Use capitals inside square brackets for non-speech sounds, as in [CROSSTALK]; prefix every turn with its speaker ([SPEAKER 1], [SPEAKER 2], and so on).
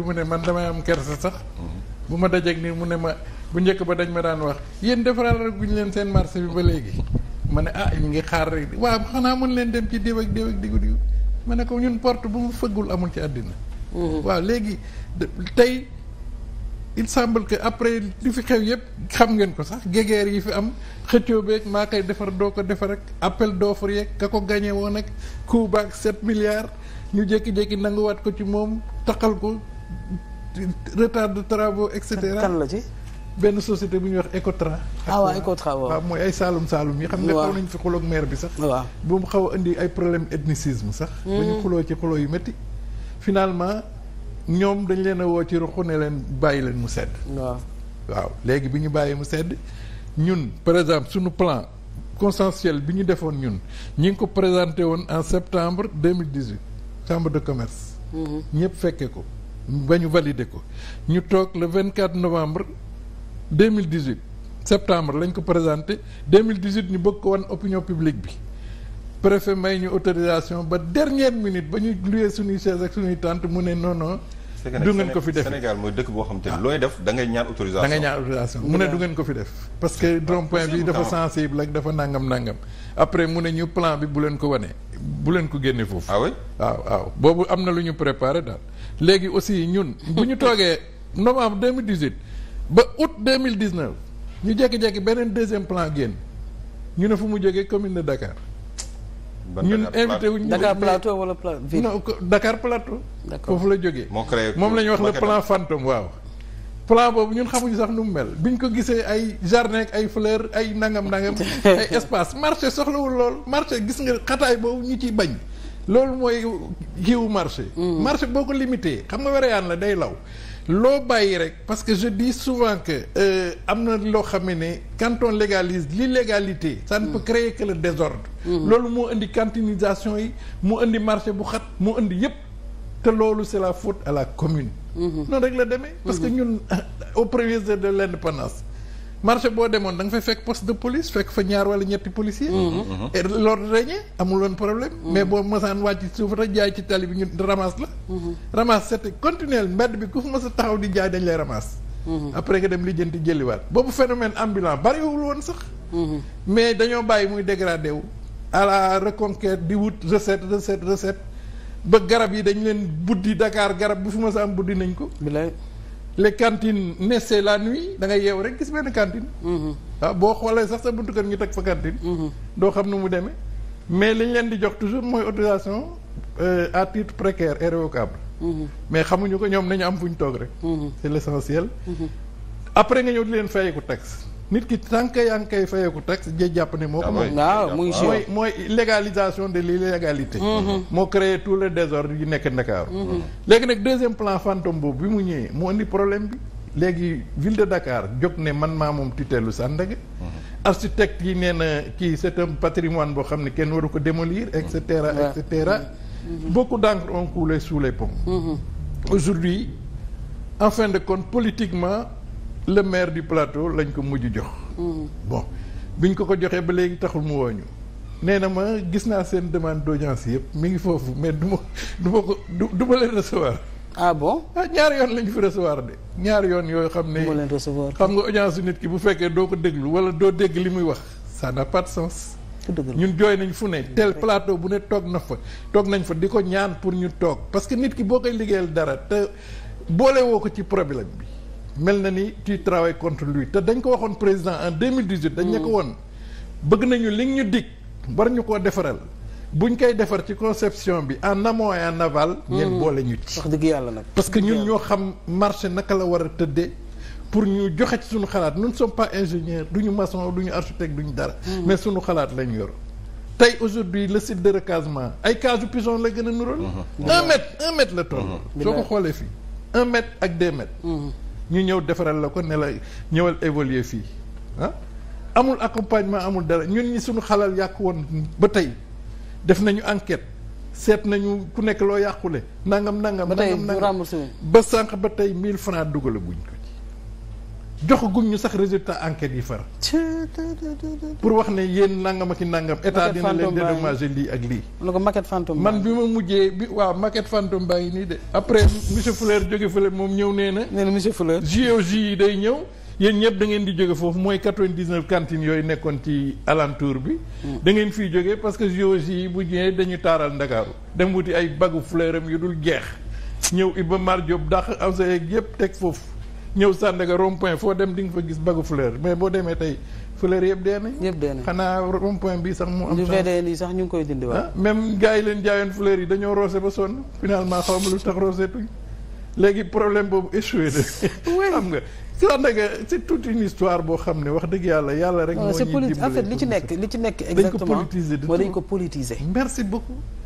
[SPEAKER 1] bi mu ne man damay am kersa sax bu ma dajeeg nii mu ne ma bu njëkk ba dañ ma daan wax yéen bu ñu leen seen marché bi ba léegi ma ne ah ñu ngi xaar rek waa xanaa mën leen dem ci déw ak déw ak digu digu ma ne ko ñun porte bu mu fëggul amul ci àddina mm-hmm. waa léegi tey il semble que après li fi xew yëpp xam ngeen ko sax gégeer yi fi am xëccoo beeg maa koy defar doo ko defar ak appel d'offre yeeg ka ko gagné woon ak coût baak sept milliards ñu jékki nanguwaat ko ci moom taqal ko retard de travaux et cetera la ci. benn société bu ñuy wax Ecotra. ah waaw Ecotra waaw mooy ay Saalum Saalum yi. xam nga xaw nañ fi xuloo ak maire bi sax. waaw bu mu xaw a indi ay problème ethnicisme sax. Hmm. ba ñu xuloo ci xuloo yu métti. finalement ñoom dañ leen a woo ci ruq ne leen bàyyi leen mu sedd. waaw waaw léegi bi ñu bàyyi mu sedd ñun par exemple suñu plan consensuel bi ñu defoon ñun ñu ngi ko présenté woon en septembre deux mille dix huit de commerce. Hmm. ñëpp fekkee ko. ba ñu validé ko ñu toog le mille novembre 2018 septembre lañ ko présenté 2018 ñu bëgg ko wan opinion publique bi préfet may ñu autorisation ba dernière minute ba ñu luyee suñuy chaise ak suñuy tente mu ne non du ngeen ko fi def Sénégal mooy dëkk boo xam te looy def da ngay ñaan autorisation da ngay ñaan autorisation mu ne du ngeen ko fi def parce que rond point bi dafa sensible ak dafa nangam nangam après mu ne ñu plan bi bu leen ko wane bu leen ko génne foofu ah oui waaw waaw boobu am na lu ñu préparé daal léegi aussi ñun bu ñu toogee novembre 2018 ba août 2019 ñu jekki-jekki beneen deuxième plan génn ñu ne fu mu jegee commune de Dakar ñun invité wuñ Dakar Plateau wala Plateau ville non Dakar Plateau. foofu la jóge moom la ñuy wax le plan fantôme waaw. plan boobu ñun xamuñu sax nu mu mel ñu ko gisee ay jardin ak ay fleur ay nangam nangam [LAUGHS] ay espace marché soxlawul lool marché gis nga xataay boobu ñu ciy bañ. loolu mooy kiiwu marché. Mm. marché boo ko limité xam nga wereyaan la day law. loo bàyyi rek parce que je di souvent que euh, am na loo xam ne canton on légalise l'illégalité ça ne mm. peut créer que le désordre mm. loolu moo indi cantinisation yi moo indi marché bu xat moo indi yépp te loolu c'est la faute à la commune mm-hmm. noonu rek la demee parce que mm-hmm. ñun [LAUGHS] au premier jour de l'indépendance marché boo demoon danga nga fay fekk poste de police fekk fa ñaar wala ñetti policier mhm. mhm. mhm. et l'ordre régnait amul woon problème mais boo masaan wàcc suuf rek jaay ci tali bi ñu ramasse la ramasse c'était continuel mbedd bi ku fu mas a taxaw di jaay dañ lay ramasse après nga dem lijjanti jëliwaat boobu phénomène ambulant bariwul woon sax mais dañoo bàyyi muy dégradé wu à la reconquête di wut recette recette recette ba garab yi dañ leen buddi dakaar garab bu fu mas a am buddi nañ ko le cantines ne la nuit da ngay yeew rek gis benn cantine. Mm-hmm. ah boo xoolee sax sa buntu kër ñu teg fa cantine. Mm-hmm. doo xam ne mu demee mais li ñu leen di jox toujours mooy autorisation euh, à titre précaire et révocable. Mm-hmm. mais xamuñu ko ñoom nañu am fu ñu toog rek. c'est l'essentiel. après nga ñëw di leen fayeku taxe. nit ki tànk yaa ngi koy fayeeku taxe jë jàpp ne moo ko ah moom waaw mu ngi mooy mooy légalisation de l'illégalité mhm. moo créé tout le désordre yi nekk Ndakaaru mhm. léegi nag deuxième plan fantôme boobu bi mu ñëwee moo indi problème bi léegi ville de Dakar jóg ne man maa moom tuteelu Sandaga mhm. architecte yi nee na kii c'est un patrimoine boo xam ne kenn waru ko démolir et cetera et cetera beaucoup d'encre ont coulé sous les ponts aujourd'hui en de compte politiquement le maire du plateau lañ ko mujj jox. Mm. bon bi ñu ko ko joxee ba léegi taxul mu wooñu nee na ma gis naa seen demande d'audience yëpp mi ngi foofu mais du ma du ma ko du du ma leen recevoir. ah bon ah ñaar yoon lañ fi recevoir de ñaar yoon yooyu xam ne. leen recevoir xam nga audience nit ki bu fekkee doo ko déglu wala doo dégg li muy wax ça n'a pas de sens. ñun jooy nañ fu ne tel plateau bu ne toog na fa toog nañ fa di ko ñaan pour ñu toog parce que nit ki boo koy liggéeyal dara te boole woo ko ci problème bi. mel na ni tu travailles contre lui te dañ ko waxoon président en 2018. dañ ne ko hmm. woon bëgg nañu li ñu dig war ñu koo defaral buñ koy defar ci conception bi en amont et en aval. ngeen hmm. boole ñu ci. dëgg yàlla nag. parce que ñun ñoo xam marché naka la war a tëddee. pour ñu joxe ci suñu xalaat nous ne sommes pas ingénieurs duñu maçon duñu architecte duñu dara. Hmm. mais suñu xalaat lañ yor. tey aujourd'hui le site de recasement ay casu pigeon la gën a nuróol. un mètre un mètre la toll. ko xoolee fii mètre ak deux mètres. ñu ñëw defaral la ko ne la ñëwal évoluer fii ah amul accompagnement amul dara ñun ñi suñu xalal yàqu woon ba tey def nañu enquête seet nañu ku nekk loo yàqule nangam nangam nangam nangam ba sànq ba tey mille francs dugalaguñ ko joxaguñ ñu sax résultat enquête yi far. pour wax ne yéen nangam ak i nangam. état dina leen dédommagé lii ak lii. lu ko maquette fantôme man bi ma mujjee bi waaw maquette fantôme baa ngi nii de. après monsieur Fleur jóge fële moom ñëw nee na. nee na monsieur Fleur. yi day ñëw yéen ñëpp da ngeen di jóge foofu mooy dix 99 quantine yooyu nekkoon ci alentour bi. Hmm. da ngeen fiy jógee parce que JOJ yi bu ñëwee dañu taaral Ndakaaru dem wuti ay bagu fleuram yu dul jeex ñëw Iba Mar Diop dàq am sa yëpp teg foofu. ñëw Sandaga rond point foo dem di nga fa gis bagu fleur mais boo demee tey fleur yëpp dee nañ. xanaa rond point bi sax mu am. chance ñu sax ñu ngi koy dindi waat. Ah, même gars yi leen jaayoon fleur yi dañoo roose ba sonn finalement xaw ma lu tax roose tuñ léegi problème boobu échoué na. [LAUGHS] xam nga Sandaga c'est toute une histoire boo xam ne wax dëgg yàlla yàlla rek. moo ñuy dimbali en fait ci nekk li ci nekk. exactement dañ ko politiser dañ ko politiser. merci beaucoup.